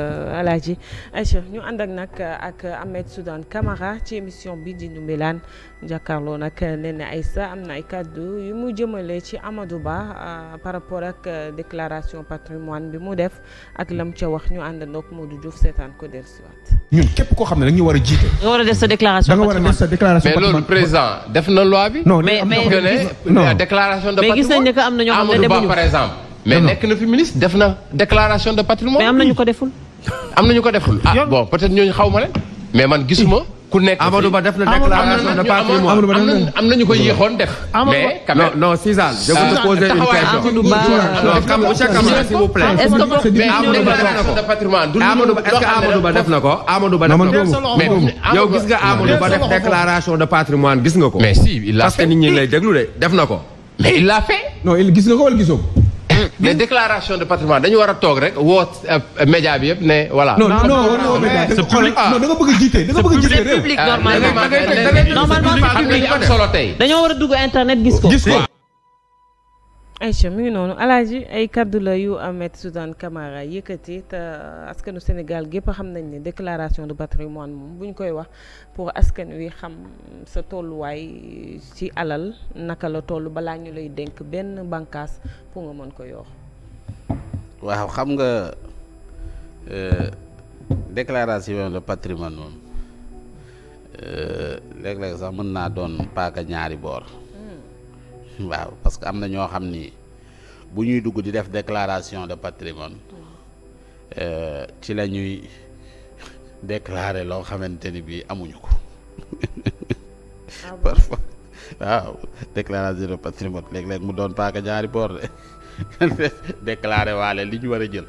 Euh, ay Aïcha ñu ànd ak nag ak Ahmed Soudane Camara ci émission bi di Ndoumbélane jàkkaarloo nag nee ay sa am na ay kàddu yu mu jëmalee ci Amadou Ba euh, par rapport ak euh, déclaration patrimoine bi mu def ak lam ca wax ñu àndandoo ak Modou Diouf seetaan ko dellusiwaat. ñun képp koo xam ne dañu war a jiite. nga war a def sa déclaration patrimoine da nga war a mais loolu président def na loi bi. non mais mais de patrimoine mais gis nañ ne que am na ñoo xam ne demuñu mais nekk na fi ministre def na déclaration de patrimoine. am na ñu ko deful. am na ñu ko deful. ah bon peut-être ñooñu xaw ma leen mais man gis gisuma. ku nekk fii Amadou Ba def na déclaration de patrimoine am na ko yéexoon def. mais quand même non non Cizal. je vous poser une def na ko Amadou Ba def na ko mais yow gis nga Amadou gis nga ko. mais si il parce que nit ñi lay déglu de def na ko. mais il l'a fait. non gis nga ko wala gisoo ko. mais déclaration de patrimoine dañu war a toog rek woo média bi yëpp ne voilà. non non non da nga bëgg jiite da nga bëgg a jiite réew. normalement public normalement public dañoo war a dugg internet gis Aïcha mi ngi noonu alaaji ay kaddu la yu Ahmed Suzanne Camara yëkkati te euh, askanu Sénégal gépp xam nañ ni déclaration de patrimoine moom bu ñu koy wax pour askan wi xam sa tolluwaay ci alal naka la toll balaa ñu lay dénk benn bànkaas pour nga mën ko yor. waaw xam nga euh, déclaration de patrimoine moom euh, léeg-léeg sax mën naa doon paaka ñaari boor. waaw parce que am na ñoo xam ni bu ñuy dugg di def déclaration de patrimoine euh, ci la ñuy déclarer loo xamante ni bii amuñu ko ah parfois waaw déclaration de patrimoine léeg-léeg mu doon paaka ñaari boor de déclarer waale li ñu war a jël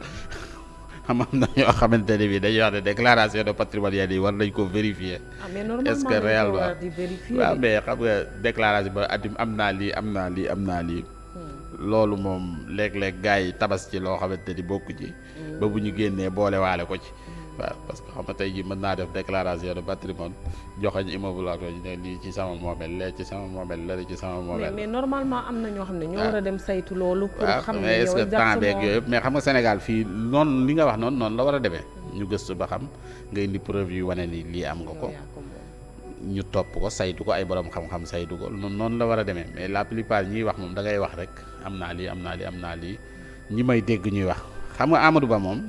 xam am na ñoo xamante ne bi dañu wax ne déclaration de patrimoniale yi war nañ ko vérifier ah, est-ce que réellement waaw mais xam nga déclaration ba atim am naa lii am naa lii am naa lii hmm. loolu moom léeg-léeg gars yi tabas ci loo xamante ni bokku ci hmm. ba bu ñu génnee boolewaale ko ci waaw parce que xam nga tey jii mën naa def déclaration de patrimoine joxañ immeuble ak ñu ne lii ci sama moomeel lee ci sama moomeel lële ci sama moomeel. mais normalement am na ñoo xam ne ñoo ah. war a dem saytu loolu. pour ah, xam ne est-ce que temps beeg yooyu yëpp mais xam nga Sénégal fii noonu li nga wax noonu noonu la war a demee. ñu gëstu ba xam ngay indi preuve yu wane ni lii am nga ko. ñu topp ko saytu ko ay borom xam-xam saytu ko noonu la war a demee mais la plupart ñiy wax moom da ngay wax rek am naa lii am naa lii am naa lii ñi may dégg ñuy wax xam nga Amadou Ba moom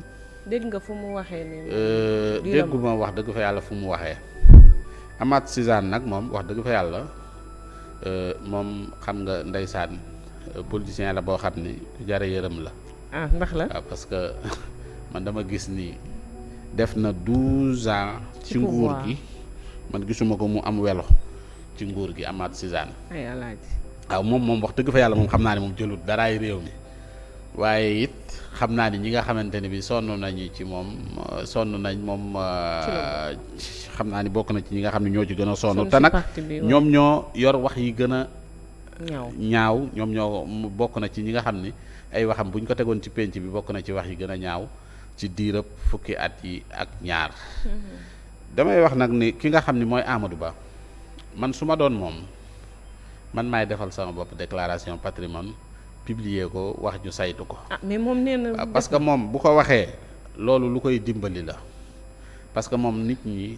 dégg nga fu mu waxee nii. Euh, dégguma wax dëgg fa yàlla fu mu waxee Amath Suzanne nag moom wax dëgg fa yàlla euh, moom xam nga ndeysaan euh, politicien la boo xam ni ku jare yërëm la. Ah, ndax la waaw ah, parce que man dama gis ni def na douze ans. ci nguur gi man gisuma ko mu am welo ci nguur gi Amath Suzanne. ay alaaji waaw ah, moom moom wax dëgg fa yàlla moom xam naa ne moom jëlut daraay réew mi. waaye it xam naa ni ñi nga xamante ne bi sonn nañu ci moom sonn nañ moom xam naa ni bokk na ci ñi nga xam ne ñoo ci gën a sonn te nag ñoom ñoo yor wax yi gën a ñaaw ñoom ñoo bokk na ci ñi nga xam ni ay waxam buñ ko tegoon ci pénc bi bokk na ci wax yi gën a ñaaw ci diirab fukki at yi ak ñaar mm-hmm. damay wax nag ni ki nga xam ni mooy Amadou Ba man su ma doon moom man maay defal sama bopp déclaration patrimoine publier ko wax ñu saytu ko. ah mais moom nee na ah, parce que moom bu ko waxee loolu lu koy dimbali la parce que moom nit ñi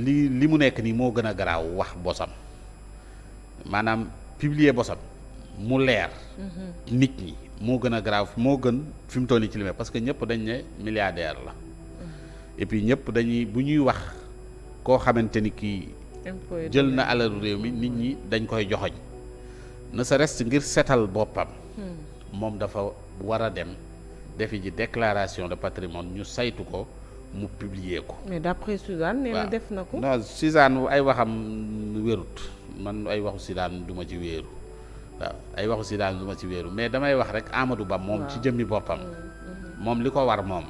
li li mu nekk nii moo gën a garaaw wax bosam maanaam publier bosam mu leer. Mhm. nit ñi moo gën a garaaw moo gën fi mu toll nii ci li parce que ñëpp dañ ne milliardaire la. Mhm. et puis ñëpp dañuy bu ñuy wax koo xamante ni kii. jël na alalu réew mi nit ñi dañ koy joxoñ na sa rest ngir setal boppam. Hmm. moom dafa war a dem defi ji déclaration de patrimoine ñu saytu ko mu publier ko. mais d'après Suzanne. nee na def na ko non Suzanne ay waxam wérut man ay waxu Suzanne du ma ci wéru ay waxu Suzanne du ma ci wéeru mais damay wax rek Amadou Ba moom ci jëmmi boppam. Hmm, hmm. moom li ko war moom.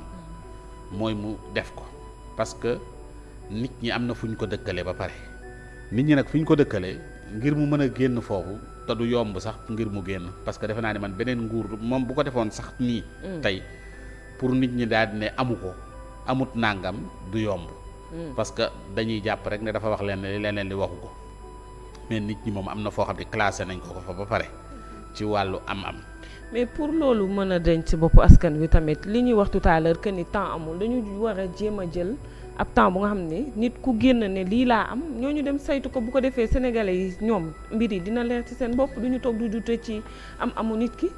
mooy mu def ko parce que nit ñi am na fu ñu ko dëkkale ba pare nit ñi nag fu ñu ko dëkkale ngir mu mën a génn foofu. te du yomb sax ngir mu génn parce que defe naa ne man beneen nguur moom bu ko defoon sax nii. Mm. tey pour nit ñi daal di ne amu ko amut nàngam du yomb. Mm. parce que dañuy jàpp rek ne dafa wax leen li leneen li waxu ko mais nit ñi moom am na foo xam ne classé nañ ko ko fa ba pare ci wàllu am-am. mais pour loolu mën a denc ci bopp askan wi tamit li ñuy wax tout à ni temps amul dañu war a jéem a jël. ab temps bu nga xam ne nit ku génn ne lii laa am ñoo ñu dem saytu ko bu ko defee sénégalais yi ñoom mbir yi dina leer ci seen bopp du ñu toog du dute ci am amu nit ki.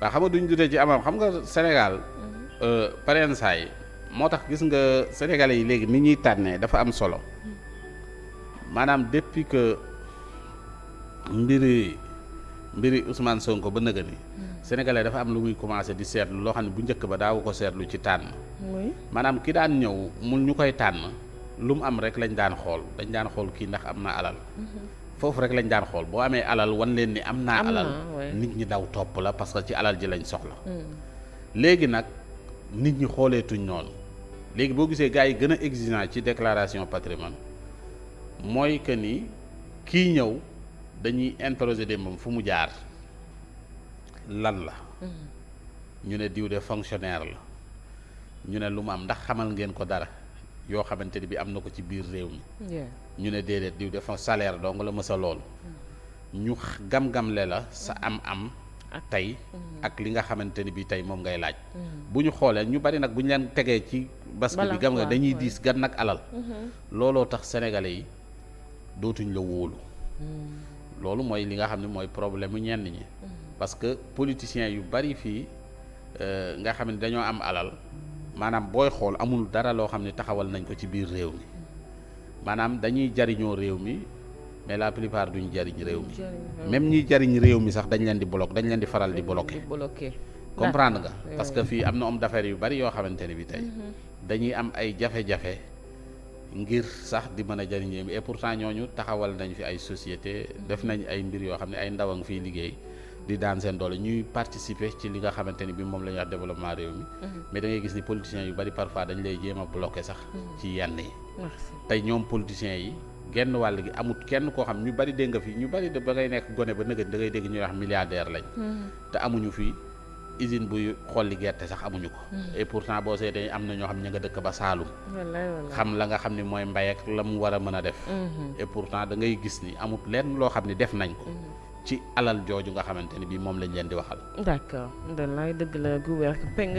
waa xam nga duñ dute ci amam xam nga Sénégal. Mhm. Euh, pareen saa moo tax gis nga sénégalais yi léegi ni ñuy tànnee dafa am solo mhm. maanaam depuis que mbiri mbiri Ousmane Sonko ba nëgë ni hmm. sénégalais dafa am lu muy commencé di seetlu loo xam ne bu njëkk ba daawu ko seetlu ci tànn maanaam ki daan ñëw mu ñu koy tànn lu mu am rek lañ daan xool dañu daan xool kii ndax am na alal mhm. foofu rek lañ daan xool boo amee alal wan leen ni am naa alal nit ñi daw topp la parce que ci alal ji lañ soxla hmm. léegi nag nit ñi xoolee tuñ noonu léegi boo gisee gars yi gën a exigeant ci déclaration patrimoine mooy que ni kii ñëw dañuy de démbam fu mu jaar lan la mm-hmm. ñu ne diw de fonctionnaire la ñu ne lu mu am ndax xamal ngeen ko dara yoo xamante ni bi am na ko ci biir réew mi ñu ne déedéet diw de fa salaire dong la mësa loolu mm-hmm. ñu gam-gamle la sa mm-hmm. am-am tey ak li nga xamante ni bi tey moom ngay laaj bu ñu xoolee ñu bari nag bu ñu leen tegee ci basket bi gam nga dañuy diis gan nag alal looloo tax sénégalais yi dootuñ la wóolu loolu mooy li nga xam ne mooy problème mu ñenn ñi. Mm-hmm. parce que politiciens yu bari fii euh, nga xam ne dañoo am alal maanaam booy xool amul dara loo xam ne taxawal nañ ko ci biir réew mi mm-hmm. maanaam dañuy jariñoo réew mi mais la plupart duñ jariñ réew mi. même ñiy jariñ réew mi sax dañ leen di bloqué dañ leen di faral di bloqué. comprendre nga parce que fii am na homme d'affaires yu bari yoo xamante ne bi tey mm-hmm. dañuy am ay jafe-jafe. ngir sax di mën a jëriñee pour et ñoo ñu taxawal nañ fi ay societé def nañ ay mbir yoo xam ne ay ndaw a ngi fiy liggéey di daan seen doole ñuy participer ci li nga xamante ni bi moom la ñuy wax développement réew mi. Mhm. mais da gis ni politiciens yu bari parfois dañ lay jéem a bloqué sax. Mhm. ci yenn yi. te ñoom politiciens yi genn wàll gi amut kenn koo xam ñu bari dégg nga fi ñu bari da ngay nekk gone ba nëgën da ngay dégg ñuy wax milliardaire lañ. Mhm. te amuñu fi. usine buy xolli gerte sax amuñu ko. Hmm. et pourtant boo seetee am na ñoo xam ña nga dëkk ba Saalum. xam la nga xam ne mooy mbay ak la mu war a mën a def. Hmm. et pourtant da ngay gis ni amut lenn loo xam ne def nañ ko. Hmm. ci alal jooju nga xamante ne bii moom lañ leen di waxal. d'accord dëgg la gu wér peng